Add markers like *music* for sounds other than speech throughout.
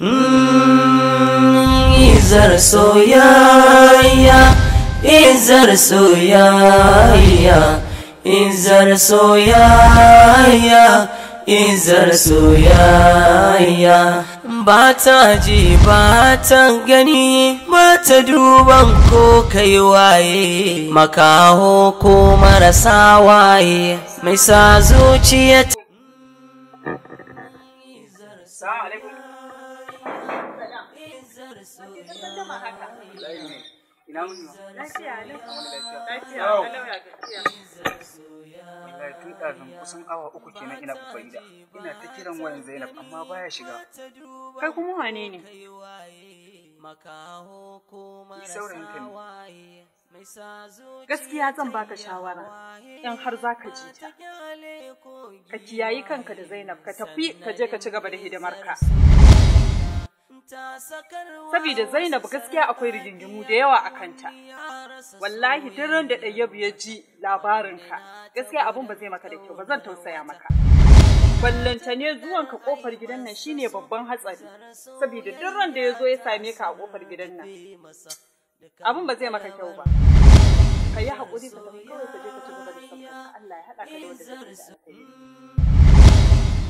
Mm, izar soyayya izar soyayya izar soyayya izar soyayya ba ta ji ba ta gani ba ta duban ko kai waye makaho ko marasa waye mai sa zuciya musamman haka. Ina muni ma? Lafiya ne. Lafiya Lafiya Wallahi tun ɗazin kusan awa uku kenan ina kufaida. Ina ta kiran wayan Zainab amma baya shiga. Kai kuma wane ne? Ni saurayin ka ne. Gaskiya zan baka shawara in har za ka ji ta. Ka kiyayi kanka da Zainab ka tafi ka je ka ci gaba da hidimarka. Saboda Zainab gaskiya akwai rigingimu da yawa a kanta. Wallahi duk ran da ɗayyabu ya ji labarinka, gaskiya abin ba zai maka da kyau ba zan tausaya maka. Ballanta ne zuwan ka kofar gidan nan shine babban hatsari, saboda duk ran da ya zo ya same ka a kofar gidan nan. Abin ba zai maka kyau ba. Ka yi haƙuri ka tafi kawai ka je ka ci gaba da sabon Allah ya haɗa ka da wanda zai da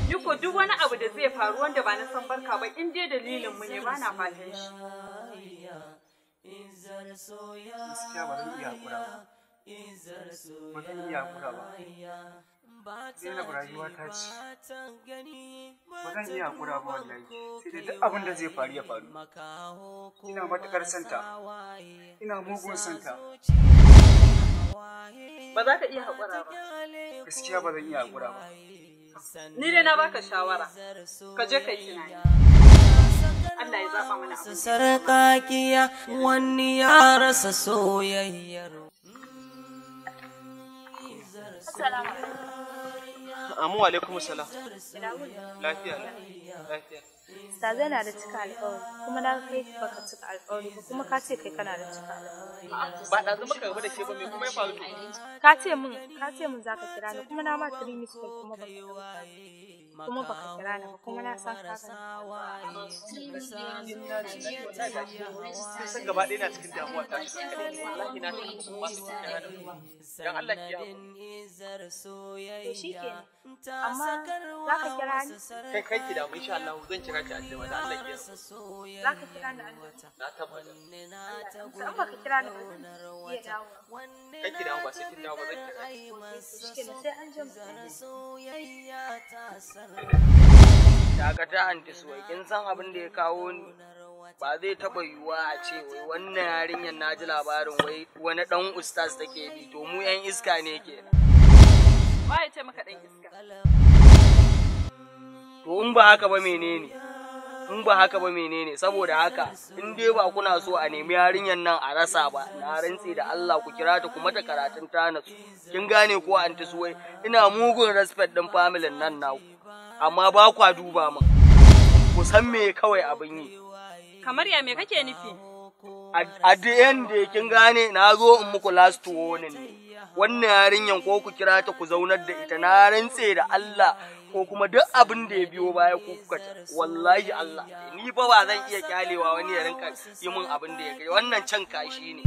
Duk duk wani abu da zai faru wanda ba na san barka ba in dai dalilin mu ne ba na fatan shi. Gaskiya ba zan iya hakura ba. Ba zan iya hakura ba. Zainab rayuwa ta ce. Ba zan iya hakura ba wallahi. Sai dai duk abin da zai faru ya faru. Ina matuƙar santa. Ina mugun santa. Ba za ka iya haƙura ba. Gaskiya ba zan iya haƙura ba. ni dai na baka shawara ka je ka yi tunani Allah ya zaba mana abu kiya wani ya rasa soyayyar Assalamu alaikum Amu alaikum salam. Lafiya lafiya. na da cika alƙawari kuma na kai baka cika alƙawari kuma ka ce kai kana da cika alƙawari. Ba da ke ba kuma ya faru to? Ka ce min ka kira ni na ma tiri kuma baka kira ni na san ka kira amma za ka kira ni kai kai ki da mu insha Allah zan kira ki anjima da Allah ke za ka kira ni anjima na tabbata sai ba ka kira ni ba ya dawo kai ki da ba sai kin dawo ba zan kira ki sai anjima dakata anti suwai kin san abin da ya kawo ni ba zai taɓa yiwuwa a ce wai wannan yarinyar na ji labarin wai wani ɗan ustaz take bi to mu 'yan iska ne kenan Ba ya ce maka ɗan iska. To in ba haka ba menene? in ba haka ba menene saboda haka in dai ba kuna so a nemi yarinyar nan a rasa ba na rantse da Allah ku kira ta kuma ta karatun ta nasu kin gane ko an ta suwai ina mugun respect ɗin familin nan naku amma ba kwa duba min ku san me kawai abin yi kamar ya me kake nufi a da ya kin gane na zo in muku last warning wannan yarinyan ko ku kira ta ku zaunar da ita na rantse da Allah ko kuma duk abin da ya biyo baya ku kuka wallahi Allah ni fa ba zan iya kyalewa wani ya rinka yi min abin da ya kai wannan can kashi ne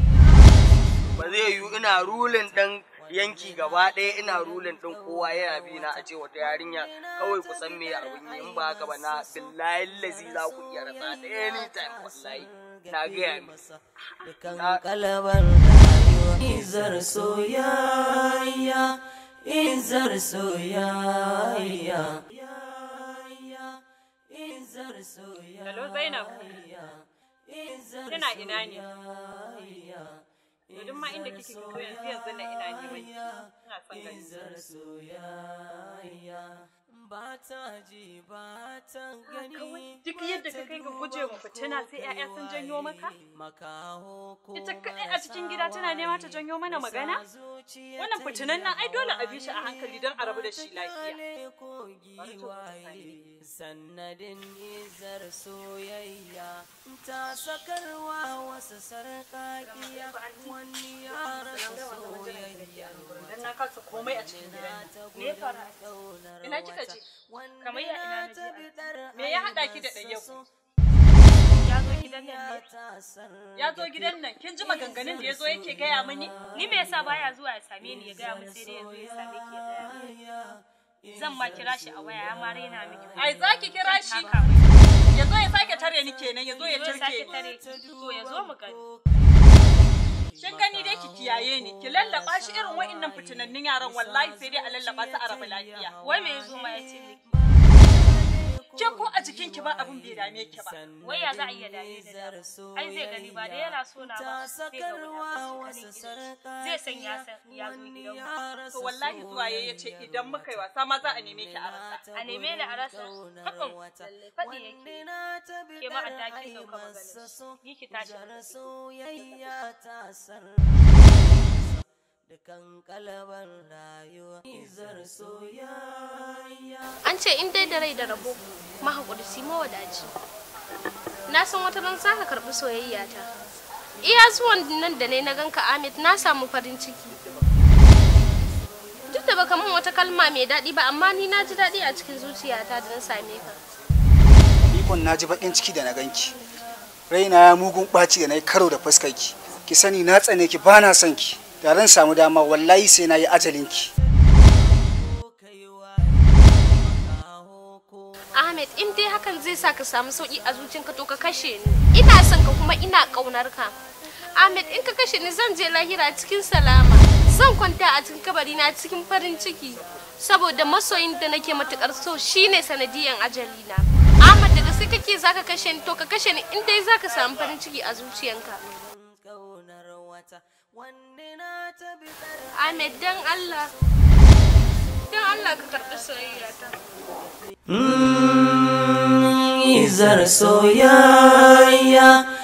ba zai yiwu ina rulin dan yanki gaba ɗaya ina rulin ɗin kowa yana yabi na a ce wata yarinya kawai ku san me abin yi in ba haka ba na billahi lazi za ku iya rasa ɗaya ni time wallahi *laughs* na ƙalabar masa dukan kalabar izar soyayya izar soyayya soyayya Hello Zainab kina ina ne Yanzu ma inda kike yanzu na ina ne mai son ba ta ji ba ta gani duk yadda ka kai ga guje wa fitina sai 'ya'ya sun janyo maka ita kaɗai a cikin gida tana nema ta janyo mana magana wannan fitinan nan ai dole a bi shi a hankali don a rabu da shi lafiya sannadin izar soyayya ta sakarwa wasu sarƙaƙiya wani ya rasa dan na kasa komai a cikin gidan Me ya fara ina kika je kamar ya ina na me ya hada ki da dan yau ya zo gidan nan ya zo gidan nan kin ji maganganun da ya zo yake gaya mini ni me yasa baya zuwa ya same ni ya gaya min sai dai ya zo ya same ki ya zan ma kira shi a waya ya ma raina miki ai zaki kira shi ya zo ya sake tare ni kenan ya zo ya turke ya zo mu gani Kin gani dai ki kiyaye ni, ki lallaba shi irin wa'innan fitinannun yaran wallahi sai dai a lallaba su a raba lafiya. Wai me zo ma ya ce miki? ce ko a jikin ki ba abin bai dame ki ba. Wai ya za a iya dame da Ai zai gani ba da yana so na ba. Zai ga wasu Zai san ya san ya zo gidan To wallahi zuwa yayi ce idan muka yi wasa ma za a neme ki a rasa. A neme ni a rasa. Hakan faɗi yake. Ke ma a taki sauka maganin. Ni ki tashi. dukan kalabar an ce in dai da rai da rabo mahaƙuri si mawadaci na san wata ran za ka karɓi soyayya ta iya zuwan nan da ne na ganka amit na samu farin ciki duk da baka min wata kalma mai daɗi ba amma ni na ji daɗi a cikin zuciyata da na same ka ikon na ji baƙin ciki da na ganki raina ya mugun ɓaci da na yi karo da fuskarki ki sani na tsane ki ba na son ki da samu dama wallahi sai na yi ajalinki Ahmed in dai hakan zai sa ka samu sauki a zuciyarka to ka kashe ni ina son ka kuma ina kaunar ka Ahmed in ka kashe ni zan je lahira cikin salama zan kwanta a cikin kabari na cikin farin ciki saboda masoyin da nake matukar so shine sanadiyan ajalina Ahmed daga sai kake zaka kashe ni to ka kashe ni in dai zaka samu farin ciki a zuciyarka. mata wanda na ta bi Ahmed dan Allah dan Allah ka karɓi soyayya ta mm, Izar soyayya